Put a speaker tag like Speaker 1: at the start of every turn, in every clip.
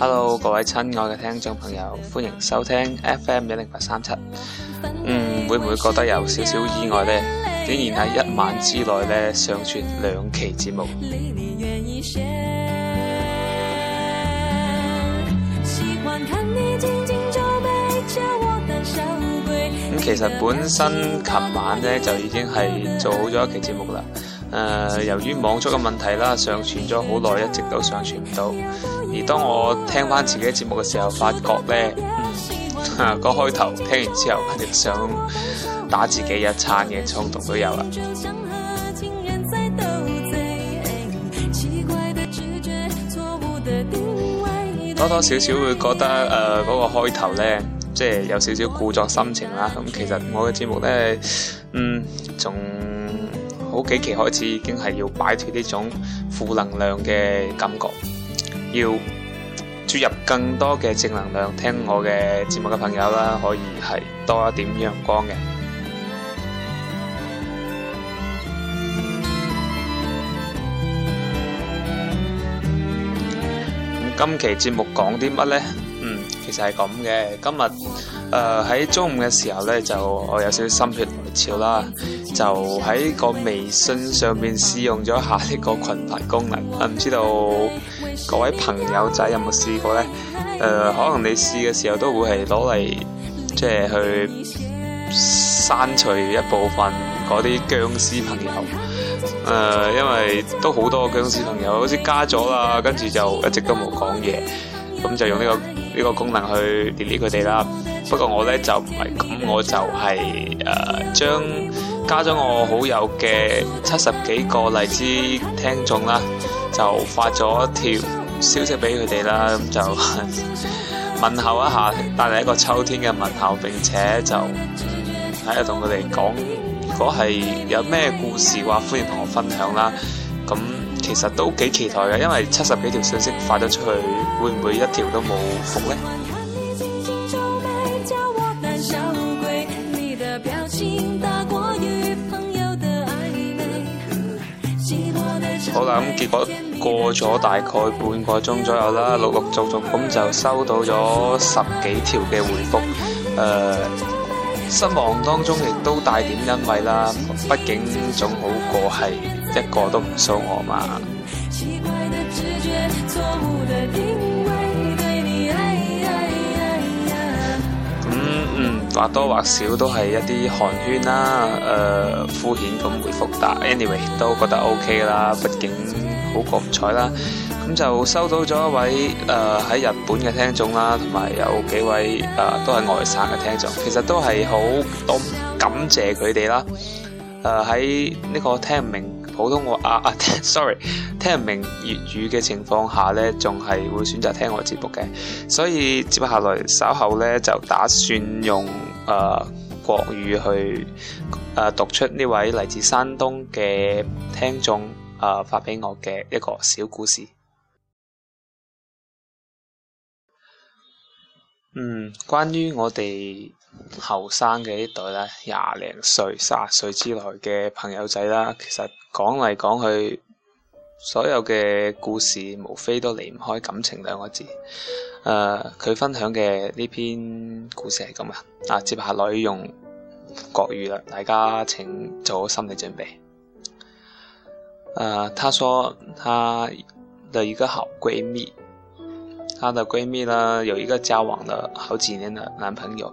Speaker 1: hello，各位親愛嘅聽眾朋友，歡迎收聽 FM 一零八三七。嗯，會唔會覺得有少少意外呢？竟然喺一晚之內咧上傳兩期節目。
Speaker 2: 咁、嗯、其實本
Speaker 1: 身琴晚咧就已經係做好咗一期節目啦。誒、呃，由於網速嘅問題啦，上傳咗好耐，一直都上傳唔到。而當我聽返自己嘅節目嘅時候，發覺呢、嗯啊
Speaker 2: 那個開頭
Speaker 1: 聽完之後，就想打自己一餐嘅衝動都有啦。多多少少會覺得誒，嗰、呃那個開頭呢，即係有少少故作心情啦。咁、嗯、其實我嘅節目呢，嗯，仲好幾期開始已經係要擺脱呢種負能量嘅感覺，要注入更多嘅正能量。聽我嘅節目嘅朋友啦，可以係多一點陽光嘅。咁今期節目講啲乜呢？嗯，其實係咁嘅，今日。誒，喺、呃、中午嘅時候咧，就我有少少心血來潮啦，就喺個微信上面試用咗下呢個群發功能，唔知道各位朋友仔有冇試過咧？誒、呃，可能你試嘅時候都會係攞嚟即係去刪除一部分嗰啲僵屍朋友，誒、呃，因為都好多僵屍朋友好似加咗啦，跟住就一直都冇講嘢，咁就用呢、這個呢、這個功能去 delete 佢哋啦。不過我呢就唔係，咁我就係誒將加咗我好友嘅七十幾個荔枝聽眾啦，就發咗條消息俾佢哋啦，咁就問候一下，帶嚟一個秋天嘅問候。並且就喺度同佢哋講，如果係有咩故事嘅話，歡迎同我分享啦。咁其實都幾期待嘅，因為七十幾條信息發咗出去，會唔會一條都冇復呢？
Speaker 2: 好啦，咁結果過
Speaker 1: 咗大概半個鐘左右啦，陸陸續續咁就收到咗十幾條嘅回覆，誒失望當中亦都帶點欣慰啦，畢竟總好過係一個都唔收我嘛。或多或少都係一啲寒暄啦，誒敷衍咁回覆答，anyway 都覺得 OK 啦，畢竟好國彩啦，咁就收到咗一位誒喺日本嘅聽眾啦，同埋有幾位誒都係外省嘅聽眾，其實都係好多感謝佢哋啦，誒喺呢個聽唔明普通話啊啊，sorry，聽唔明粵語嘅情況下呢，仲係會選擇聽我節目嘅，所以接下來稍後呢，就打算用誒、呃、國語去誒、呃、讀出呢位嚟自山東嘅聽眾誒、呃、發俾我嘅一個小故事。嗯，關於我哋後生嘅呢代咧，廿零歲、卅歲之內嘅朋友仔啦，其實講嚟講去，所有嘅故事無非都離唔開感情兩個字。誒、呃，佢分享嘅呢篇故事係咁啊，啊，接下來用國語啦，大家請做好心理準備。誒、呃，他說，他的一個好閨蜜，她的閨蜜呢，有一個交往了好幾年的男朋友。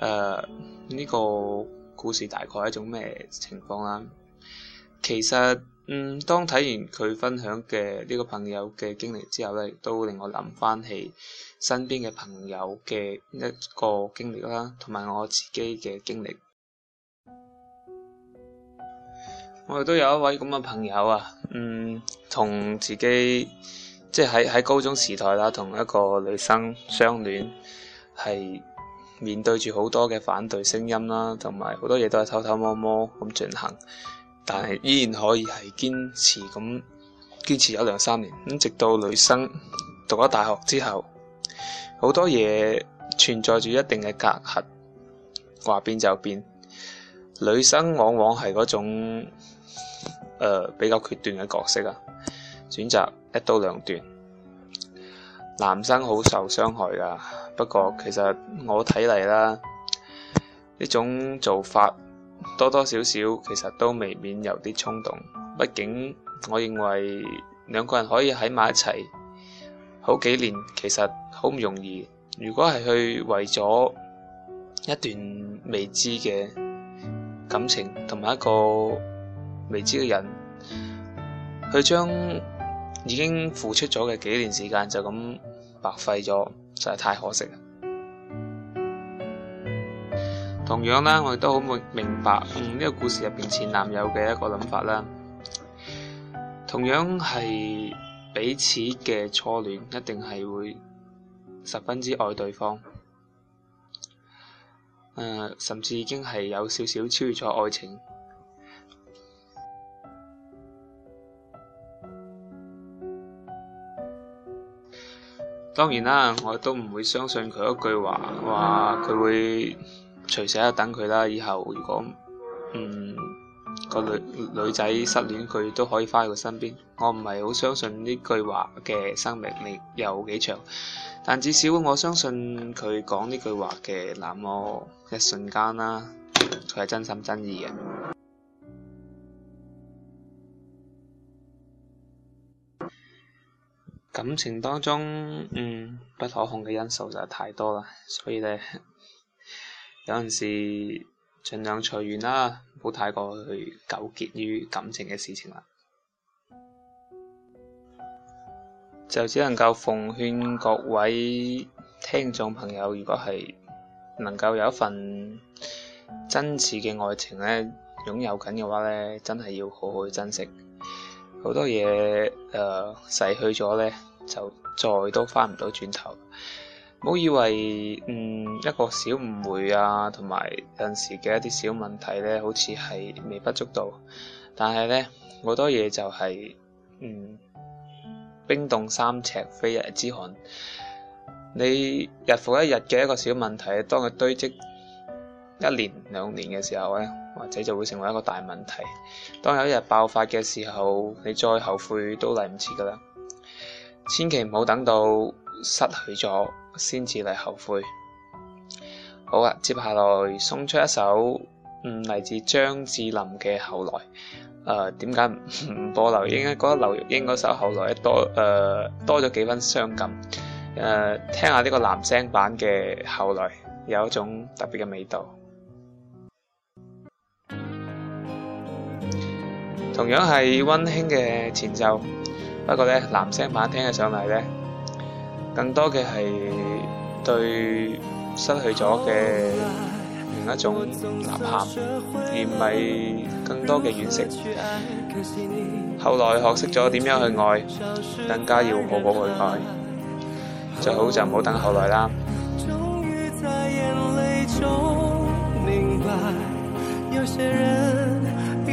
Speaker 1: 誒，呢、呃這個故事大概係一種咩情況啦？其實，嗯，當睇完佢分享嘅呢個朋友嘅經歷之後咧，都令我諗翻起身邊嘅朋友嘅一個經歷啦，同埋我自己嘅經歷。我哋都有一位咁嘅朋友啊，嗯，同自己即係喺喺高中時代啦，同一個女生相戀係。是面對住好多嘅反對聲音啦，同埋好多嘢都係偷偷摸摸咁進行，但係依然可以係堅持咁堅持咗兩三年。咁直到女生讀咗大學之後，好多嘢存在住一定嘅隔閡，話變就變。女生往往係嗰種、呃、比較決斷嘅角色啊，選擇一刀兩斷。男生好受傷害㗎。不過其實我睇嚟啦，呢種做法多多少少其實都未免有啲衝動。畢竟我認為兩個人可以喺埋一齊好幾年，其實好唔容易。如果係去為咗一段未知嘅感情同埋一個未知嘅人，去將已經付出咗嘅幾年時間就咁白費咗。實在太可惜啦！同樣啦，我亦都好明白，嗯，呢個故事入邊前男友嘅一個諗法啦。同樣係彼此嘅初戀，一定係會十分之愛對方，呃、甚至已經係有少少超越咗愛情。當然啦，我都唔會相信佢一句話，話佢會隨時喺度等佢啦。以後如果嗯個女女仔失戀，佢都可以翻去佢身邊。我唔係好相信呢句話嘅生命力有幾長，但至少我相信佢講呢句話嘅那麼一瞬間啦，佢係真心真意嘅。感情當中，嗯，不可控嘅因素就係太多啦，所以咧，有陣時盡量隨緣啦，唔好太過去糾結於感情嘅事情啦。就只能夠奉勸各位聽眾朋友，如果係能夠有一份真摯嘅愛情咧，擁有緊嘅話咧，真係要好好珍惜。好多嘢，呃，逝去咗咧，就再都翻唔到轉頭。冇以為，嗯，一個小誤會啊，同埋有陣時嘅一啲小問題咧，好似係微不足道。但係咧，好多嘢就係，嗯，冰凍三尺非一日之寒。你日復一日嘅一個小問題，當佢堆積。一年兩年嘅時候呢，或者就會成為一個大問題。當有一日爆發嘅時候，你再後悔都嚟唔切㗎喇。千祈唔好等到失去咗先至嚟後悔。好啊，接下來送出一首，嗯，嚟自張智霖嘅《後來》，呃後來。呃，點解唔播劉英咧？覺得劉玉英嗰首《後來》多誒多咗幾分傷感。呃，聽下呢個男聲版嘅《後來》，有一種特別嘅味道。同樣係温馨嘅前奏，不過呢男聲版聽起上嚟呢，更多嘅係對失去咗嘅另一種吶喊，而唔係更多嘅惋惜。後來學識咗點樣去愛，
Speaker 2: 更加要好
Speaker 1: 好去愛，最好就唔好等後來啦。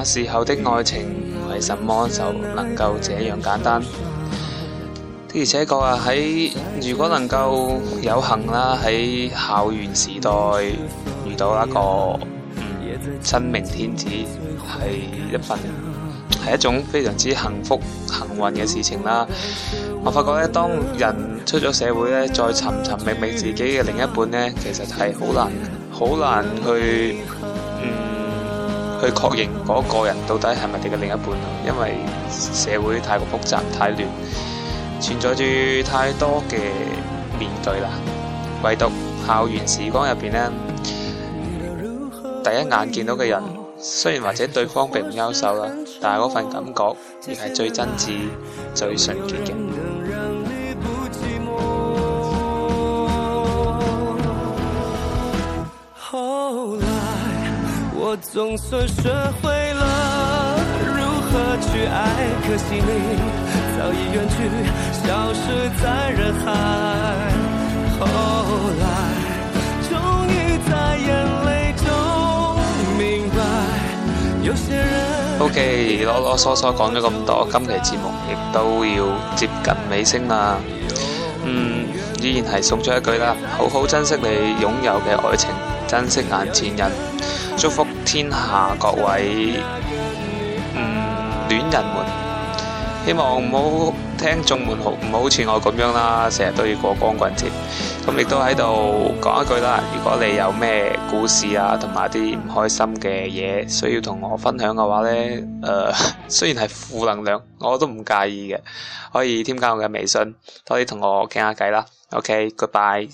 Speaker 1: 那時候的愛情為什麼就能夠這樣簡單？而且覺啊喺如果能夠有幸啦喺校園時代遇到一個嗯真命天子，係一份係一種非常之幸福
Speaker 2: 幸運嘅事
Speaker 1: 情啦。我發覺咧，當人出咗社會咧，再尋尋覓覓自己嘅另一半咧，其實係好難好難去。去確認嗰個人到底係咪你嘅另一半咯，因為社會太過複雜，太亂，存在住太多嘅面具啦。唯獨校園時光入邊呢，第一眼見到嘅人，雖然或者對方並唔優秀啦，但係嗰份感覺亦係最真摯、
Speaker 2: 最純潔嘅。我總算學會了如何去愛可惜你早已遠去消失在人海後來終於在眼淚中明白有些人
Speaker 1: OK 囉囉嗦嗦講咗咁多今期節目亦都要接近尾聲啦嗯依然係送咗一句啦好好珍惜你擁有嘅愛情珍惜眼前人，祝福天下各位嗯戀人們。希望唔好聽眾們好唔好似我咁樣啦，成日都要過光棍節。咁亦都喺度講一句啦，如果你有咩故事啊，同埋啲唔開心嘅嘢需要同我分享嘅話呢，誒雖然係負能量，我都唔介意嘅。
Speaker 2: 可以添加我嘅微信，多啲同我傾下偈啦。OK，Goodbye。